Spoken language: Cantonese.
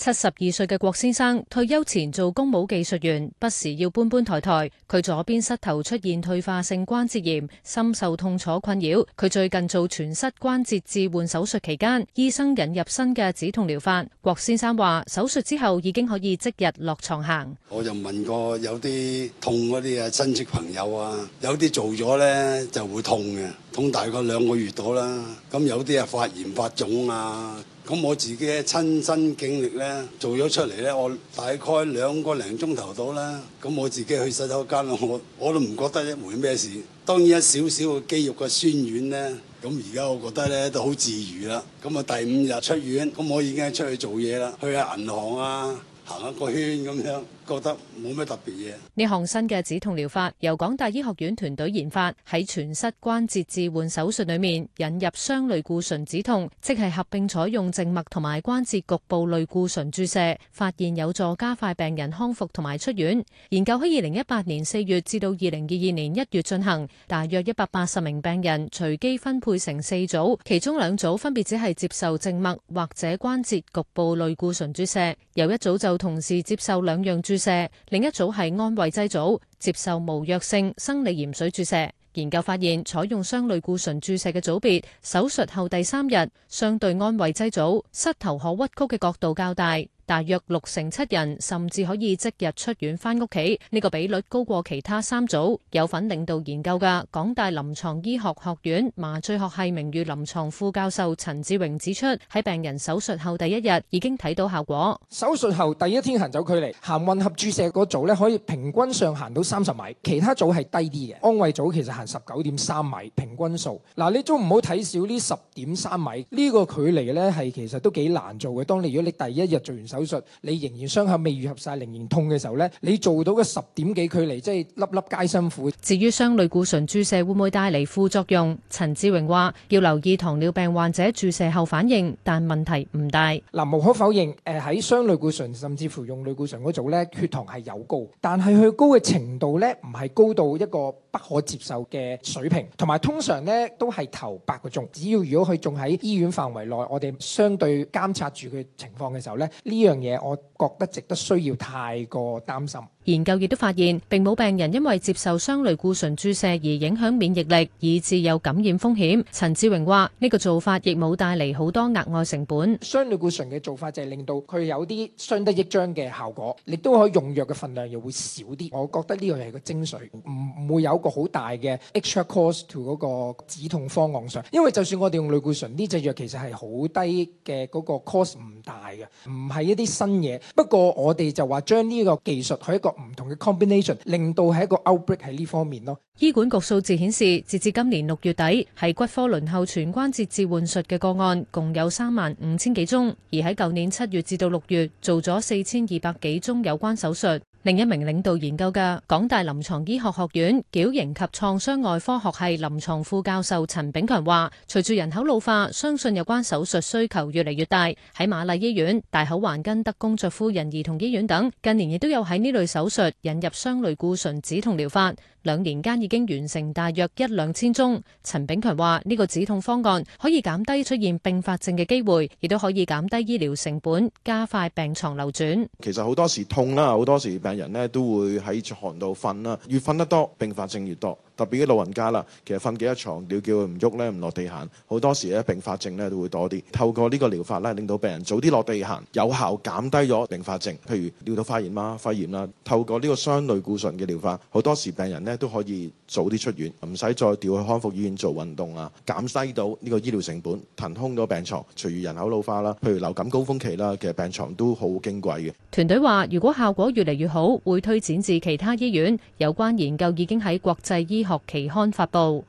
七十二歲嘅郭先生退休前做公務技術員，不時要搬搬抬抬。佢左邊膝頭出現退化性關節炎，深受痛楚困擾。佢最近做全膝關節置換手術期間，醫生引入新嘅止痛療法。郭先生話：手術之後已經可以即日落床行。我就問過有啲痛嗰啲啊，親戚朋友啊，有啲做咗咧就會痛嘅，痛大概兩個月到啦。咁有啲啊發炎發腫啊。咁我自己嘅親身經歷呢，做咗出嚟呢，我大概兩個零鐘頭到啦。咁我自己去洗手間，我我都唔覺得會咩事。當然一少少嘅肌肉嘅酸軟呢，咁而家我覺得呢都好自如啦。咁啊第五日出院，咁我已經係出去做嘢啦，去下銀行啊，行一個圈咁樣。覺得冇咩特別嘢。呢項新嘅止痛療法由港大醫學院團隊研發，喺全膝關節置換手術裏面引入雙類固醇止痛，即係合併採用靜脈同埋關節局部類固醇注射，發現有助加快病人康復同埋出院。研究喺二零一八年四月至到二零二二年一月進行，大約一百八十名病人隨機分配成四組，其中兩組分別只係接受靜脈或者關節局部類固醇注射，有一組就同時接受兩樣注射。射另一組係安慰劑組，接受無藥性生理鹽水注射。研究發現，採用雙類固醇注射嘅組別，手術後第三日，相對安慰劑組膝頭可屈曲嘅角度較大。大約六成七人甚至可以即日出院翻屋企，呢個比率高過其他三組。有份領導研究嘅港大臨床醫學學院麻醉學系名譽臨床副教授陳志榮指出，喺病人手術後第一日已經睇到效果。手術後第一天行走距離，行混合注射嗰組呢可以平均上行到三十米，其他組係低啲嘅。安慰組其實行十九點三米平均數。嗱，你都唔好睇少呢十點三米呢個距離呢係其實都幾難做嘅。當你如果你第一日做完手手術你仍然傷口未愈合晒，仍然痛嘅時候咧，你做到嘅十點幾距離，即係粒粒皆辛苦。至於雙類固醇注射會唔會帶嚟副作用？陳志榮話要留意糖尿病患者注射後反應，但問題唔大。嗱，無可否認，誒喺雙類固醇甚至乎用類固醇嗰組咧，血糖係有高，但係佢高嘅程度咧，唔係高到一個不可接受嘅水平，同埋通常咧都係頭八個鐘，只要如果佢仲喺醫院範圍內，我哋相對監察住佢情況嘅時候咧，呢樣樣嘢，我覺得值得需要太過擔心。研究亦都發現，並冇病人因為接受雙類固醇注射而影響免疫力，以致有感染風險。陳志榮話：呢、這個做法亦冇帶嚟好多額外成本。雙類固醇嘅做法就係令到佢有啲相得益彰嘅效果，亦都可以用藥嘅分量又會少啲。我覺得呢個係個精髓，唔唔會有一個好大嘅 extra cost to 嗰個止痛方案上。因為就算我哋用類固醇呢隻藥，這隻藥其實係好低嘅嗰個 cost 唔大嘅，唔係一啲新嘢。不過我哋就話將呢個技術去一個。唔同嘅 combination，令到係一個 outbreak 喺呢方面咯。醫管局數字顯示，截至今年六月底，喺骨科輪候全關節置換術嘅個案共有三萬五千幾宗，而喺舊年七月至到六月，做咗四千二百幾宗有關手術。另一名領導研究嘅港大臨床醫學學院矯形及創傷外科學系臨床副教授陳炳強話，隨住人口老化，相信有關手術需求越嚟越大。喺瑪麗醫院、大口環根德公爵夫人兒童醫院等，近年亦都有喺呢類手術引入雙類固醇止痛療法。兩年間已經完成大約一兩千宗。陳炳強話，呢個止痛方案可以減低出現併發症嘅機會，亦都可以減低醫療成本，加快病床流轉。其實好多時痛啦，好多時。人咧都會喺床度瞓啦，越瞓得多，併發症越多。特別啲老人家啦，其實瞓幾多床，尿佢唔喐咧，唔落地行，好多時咧併發症咧都會多啲。透過呢個療法咧，令到病人早啲落地行，有效減低咗併發症。譬如尿道發炎啦、肺炎啦。透過呢個雙類固醇嘅療法，好多時病人呢都可以早啲出院，唔使再調去康復醫院做運動啊，減低到呢個醫療成本，騰空咗病床。隨住人口老化啦，譬如流感高峰期啦，其實病床都好矜貴嘅。團隊話：如果效果越嚟越好。會推展至其他醫院，有關研究已經喺國際醫學期刊發佈。